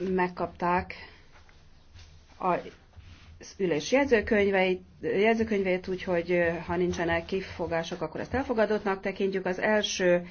megkapták a ülés jegyzőkönyveit, jegyzőkönyvét, úgyhogy ha nincsenek kifogások, akkor ezt elfogadottnak tekintjük. Az első